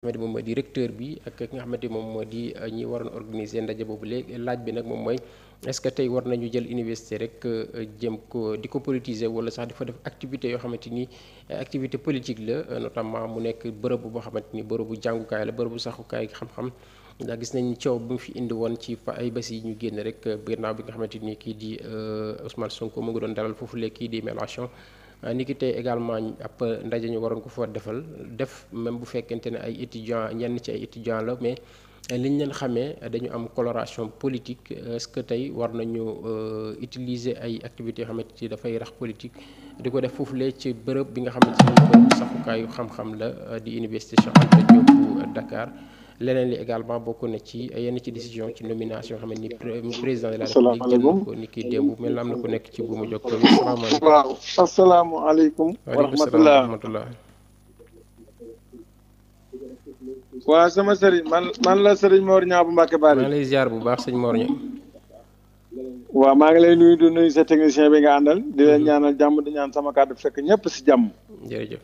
xamante moom moo di recteur bi ak ki nga xamante moom moo di euh, ñi waroon organiser ndaje boobu léegi laaj bi nag moom mooy est-ce que tey war nañu jël université rek euh, jëm ko di ko politiser wala sax di fa def activité yoo xamante ni euh, activité politique la notamment mu nekk bërëb boo xamante ni bërëbu jàngukaay la bërëbu saxukaay xam-xam ndax gis nañu coow bi fi indi woon ci fa ay bés yi ñu génn rek gannaaw bi nga xamante ni kii di Ousmane Sonko mu ngi doon dalal foofu léegi kii di Mélenchon Euh, ni ki tey également ab euh, ndaje ñu waroon ko fa defal def même bu fekkente ne ay étudiants ñenn ci ay étudiants la mais euh, liñ leen xamee dañu am coloration politique est-ce que tey war nañu utiliser ay activités yoo xamante ci dafay rax politique di ko def foofu foofulee ci bërëb bi nga xamante ni saxukaayu xam-xam la di université Cheikh Anta bu Dakar. leneen li également bokk na ci yenn ci décision ci nomination xam ne ni président de la république jël na ko ni kii démb mel na am na ko nekk ci buumu jokkoo bi salaamaaleykum waaw asalaamaaleykum wa rahmatullah waaw sama sëriñ man man la sëriñ Mor Niang bu Mbacke Bari maa ngi bu baax sëñ Mor Niang waaw maa ngi lay nuyu du nuyu sa technicien bi nga àndal di leen ñaanal jàmm di ñaan sama kàddu fekk ñëpp si jàmm jërëjëf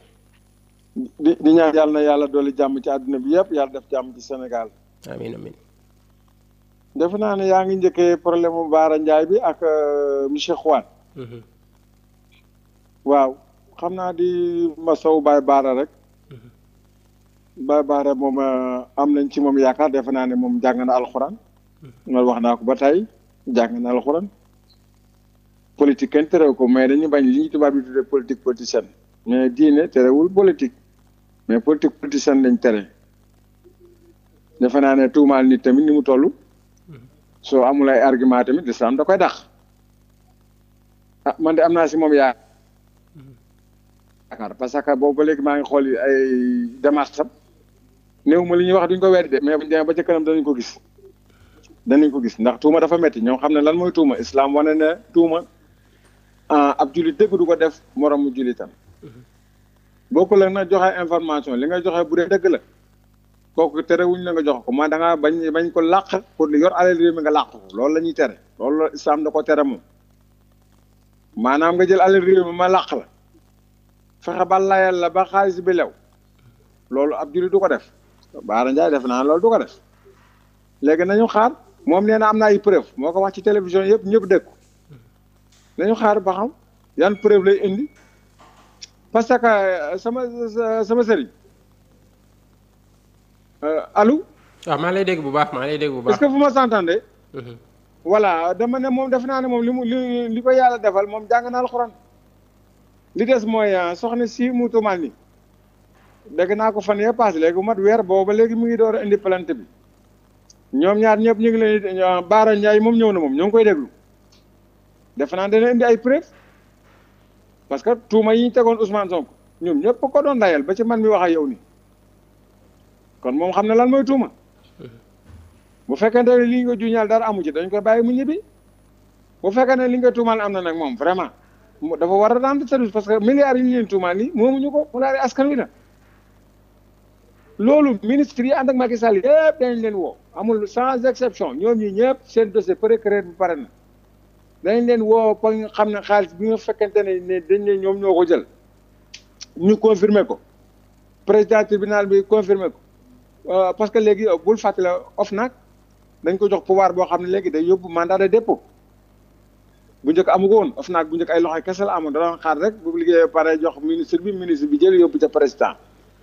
di di ñaan yàlla na yàlla dolli jàmm ci àdduna bi yëpp yàlla def jàmm ci Sénégal. amiin amiin. defe naa ne yaa ngi njëkkee problème mu Baara njaay bi ak euh, monsieur Xuane. Mhm. waaw xam naa di masawu baay Baara rek. Mhm. Baye Baara moom euh, am nañ ci moom yaakaar defe naa ne moom jàng na alxuraan. Mhm. loolu wax naa ko ba tey jàng na alxuraan. politique kenn terew ko mais dañu bañ li ñu tubaab yi tuddee politique politicienne mais diine terewul politique. mais politique politicienne lañ tere defe naa ne tuumaal nit tamit ni mu toll soo amul ay argument tamit l'islam da koy dax ah man de am naa si moom yaakaar parce que boobu ba léegi maa ngi xool ay démarches am néew ma li ñuy wax duñ ko weddi de mais buñ demee ba ca kanam danañ ko gis danañ ko gis ndax tuuma dafa metti ñoom xam ne lan mooy tuuma islam wane ne tuuma ah ab jullit dëgg du ko def moromu jullitam boo ko ak nag joxe information li nga joxe bu dee dëgg la kooku terewuñ la nga jox ko ma da bañ bañ ko làq pour yor alal réew mi nga làq ko loolu la ñuy tere loolu la islam da ko tere moom maanaam nga jël alal réew mi ma làq la fexe ba layal la ba xaalis bi lew loolu ab jullit du ko def Baara Ndiaye def naa loolu du ko def léegi nañu xaar moom nee na am na ay preuve moo ko wax ci télévision yëpp ñëpp dëkk nañu xaar ba xam yan preuve lay indi parce euh, que sama euh, sama sëriñ euh, allo. waaw ah, maa lay dégg bu baax maa lay dégg bu baax. est-ce que vous m'entendez. Mhm. voilà dama ne moom def naa ne moom li mu li li ko yàlla defal moom jàng naa alxuraan li des mooy soxna si mu tuumaal ni dégg naa ko fan yee paase léegi bu mat weer booba léegi mu ngi door a indi plante bi ñoom ñaar ñëpp ñu ngi leen Baara Ndiaye moom ñëw na moom ñoo ngi koy déglu def naa dana indi ay preuve parce que tuuma yi ñu tegoon Ousmane Sonko ñoom ñëpp ko doon dayal ba ci man mi wax ak ni kon moom xam ne lan mooy tuuma bu fekkente ne lii nga juñaal dara amu ci dañ koy bàyyi mu ñibbi bu fekke ne li nga tuumaal am na nag moom vraiment dafa war a rendre service parce que milliards yi ñu leen tuumaal nii moomuñu ko milliards askan wi na loolu ministre yi ànd ak Macky Sall yëpp dañ leen woo amul sans exception ñoom ñi ñëpp seen dossier procureur bi pare na danañ leen woo ba nga xam ne xaalis bi nga fekkente ne ne dañ ne ñoom ñoo ko jël ñu confirmer ko président tribunal bi confirmer ko euh, parce que léegi euh, bul fàttali OFNAC dañ ko jox pouvoir boo xam ne léegi day yóbbu mandat de dépôt bu njëkk amu ko woon OFNAC bu njëkk ay loxo kese la amoon dana xaar rek bu liggéeyee pare jox ministre bi ministre bi jël yóbbu ca président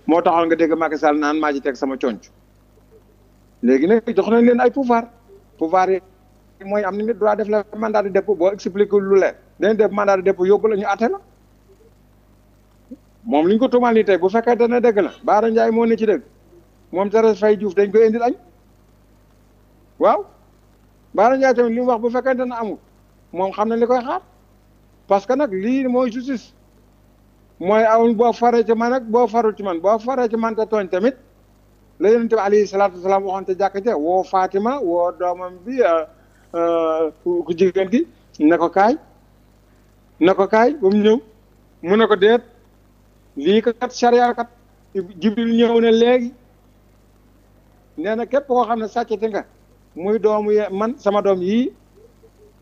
moo taxoon nga dégg Macky Sall naan maa ci teg sama conc léegi nag jox nañ leen ay pouvoir pouvoir mooy am na nit droit def la mandat de dépôt boo expliqué lu leer dañuy def mandat yóbbu la ñu àtte la moom li ko tuumaal nii tey bu fekkee dana dëgg la Baara Ndiaye moo na ci dëgg moom Thérèse Faye Diouf dañ koy indil añ waaw Baara Ndiaye tamit li wax bu fekkee dana amul moom xam na li koy xaar parce que nag lii mooy justice mooy awul boo faree ci man boo farul ci man boo faree ci man tooñ tamit la yonent bi alayhi salaatu wasalaam waxoon te jàkk ja woo Fatima woo doomam bi ku jigéen gi ne ko kaay ne ko kaay ba mu ñëw mu ne ko deet lii kat sariya kat jibril ñëw ne léegi nee na képp koo xam ne sàccati nga muy doomu ye man sama doom yii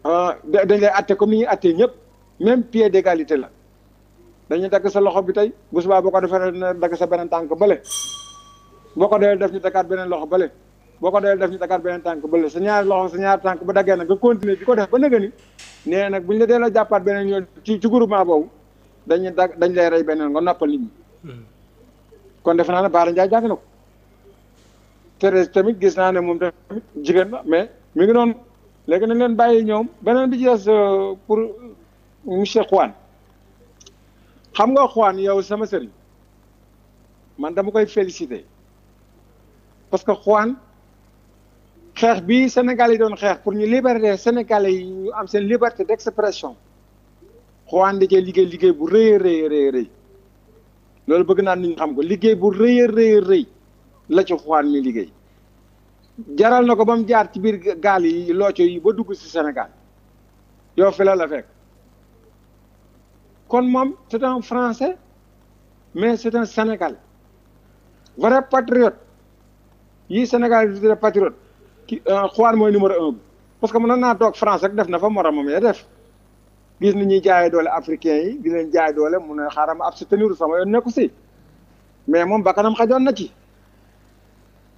ah, dañ lay atte comme ni ñuy atte ñëpp même de d'égalité la dañuy dagg sa loxo bi tey bu subaa boo ko defee dagg sa beneen tànk bale boo ko defee def ñu dakaat beneen loxo bale boo ko doyal def ñu dagaat beneen tànk bële sa ñaari loxo sa ñaari tànk ba daggee nag nga continuer di ko def ba nëga ni nee nag bu ñu la delloo jàppaat beneen yoon ci ci groupement boobu dañu da dañ lay rey beneen nga noppal nit ñi hmm. kon defe naa ne Baara Ndiaye jàng na ko Thérèse tamit gis naa ne moom tamit jigéen la mais mu ngi noonu léegi nañ leen bàyyi ñoom beneen bi ci des euh, pour monsieur Xuan xam nga Xuan yow sama sëriñ man dama koy féliciter parce que Xuan xeex bii Sénégal yi doon xeex pour ñu libérer Sénégalais yi ñu am seen liberté d'expression Juan da cee liggéey liggéey bu rëy a rëy rëy loolu bëgg naa ni ñu xam ko liggéey bu rëy a rëy la ci Juan mi liggéey jaral na ko ba mu jaar ci biir gaal yi looco yi ba dugg ci Sénégal yow fi la fekk kon moom c'est un français mais c'est un Sénégal vrai patriote yi Sénégal di patriote ki xuwaan euh, mooy numéro un bi parce que mënoon naa toog France rek def na fa moromam ya def gis ni ñuy jaayee doole africain yi di leen jaay doole mu ne xaaral ma abstenir sama yoon nekku si mais moom bakkanam xajoon na ci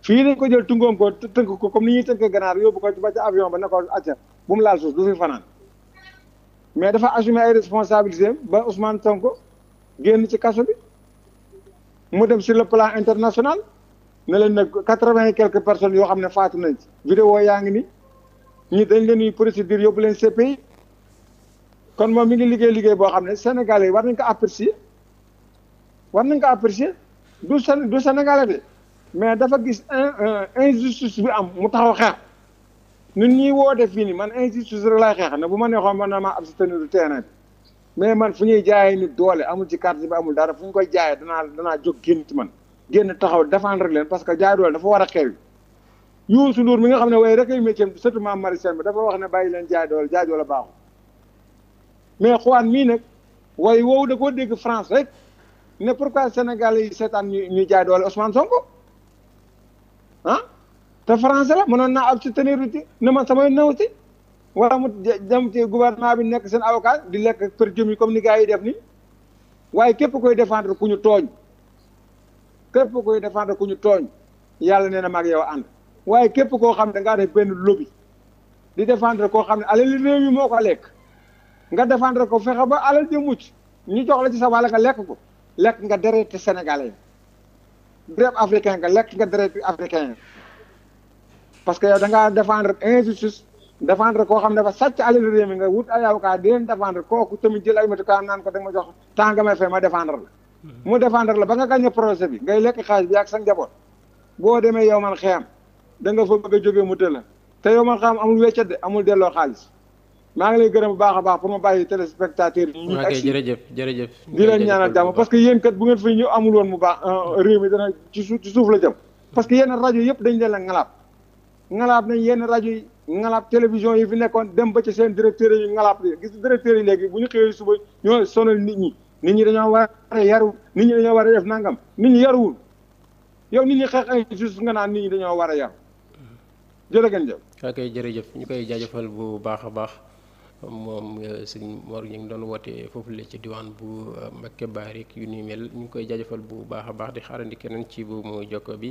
fii dañ ko jël tungoom ko tënk ko comme ni ñuy tënk ganaar yóbbu ko ba ca avion ba ne ko acca bu mu laal suuf du fi fanaan mais dafa assumer ay responsabilités ba Ousmane Sonko génn ci kaso mu dem sur le plan international ne leen nekk quatre-vingt et quelques personnes yoo xam ne faatu nañ ci. vidéo yaa ngi ni ñii dañ leen di procédure yóbbu leen CPI kon moom mi ngi liggéey liggéey boo xam ne sénégalais war nañ ko apprécier war nañ ko apprécier du Sén du sénégalais de mais dafa gis un injustice bi am mu taxaw xeex ñun ñuy woote fii nii man injustice rek laay xeex na bu ma neexoon man maa abstenir du terrain bi mais man fu ñuy jaayee nit doole amul ci carte bi amul dara fu ñu koy jaayee danaa danaa jóg génn ci man. génn taxaw défendre leen parce que jaay doole dafa war a xew yi Youssou Ndour mi nga xam ne waaye rek ay métier surtout maam Marisène bi dafa wax ne bàyyi leen jaay doole jaay doole baaxul mais xuwaan mii nag waaye woowu da koo dégg France rek ne pourquoi Sénégal yi seetaan ñu ñu jaay doole Ousmane Sonko ah te français la mënoon naa abstenir ci ne ma samay new ci wala mu dem ci gouvernement bi nekk seen avocat di lekk per diem yi comme ni gars yi ni waaye képp koy défendre ku ñu tooñ képp kuy défendre ku ñu tooñ yàlla nee na maag yow waaye képp koo xam ne dangaa def benn lobby di défendre koo xam ne alal li réew mi moo ko lekk nga défendre ko fexe ba alal ji mucc ñu jox la ci sa wàll nga lekk ko lekk nga deret sénégalais bref africain nga lekk nga deret africain parce que yow dangaa défendre injustice défendre koo xam ne dafa sàcc alal réew mi nga wut ay avocat di kooku tamit jël ay matukaay naan ko danga ma jox temps nga may fay ma défendre la mu défendre la ba nga gagné projet bi ngay lekk xaalis bi ak sa njaboot boo demee yow man xeyam da nga fa bëgg a jógee mu tëla te yow man xeyam amul wéccat de amul delloo xaalis maa ngi lay gërëm bu baax a baax pour ma bàyyi téléspectateur yi ñu ak jërëjëf jërëjëf di leen ñaanal jàmm que yéen bu ngeen fay ñëw mu baax euh, réew mi dana suuf la jëm parce que yenn rajo yëpp dañ leen a ngalaab ngalaab nañ yenn rajo yi ngalaab télévision yi fi nekkoon dem ba ci seen directeur yi ngalaab gis directeur yi léegi bu ñu xëyee suba ñoo sonal nit nit ñi dañoo war a yaru nit ñi dañoo war a def nangam nit ñi yaruwul yow nit ñi xeex ay juste nga naan nit ñi dañoo war a yaru jërëgën jëf jërëjëf ñu koy jaajëfal bu baax a baax moom euh, sëñ Mor ñu ngi doon woote foofu la ci diwaan bu euh, mbakke Bari yu ni mel ñu koy jaajëfal bu baax a baax di xaarandi keneen ci bu jokko bi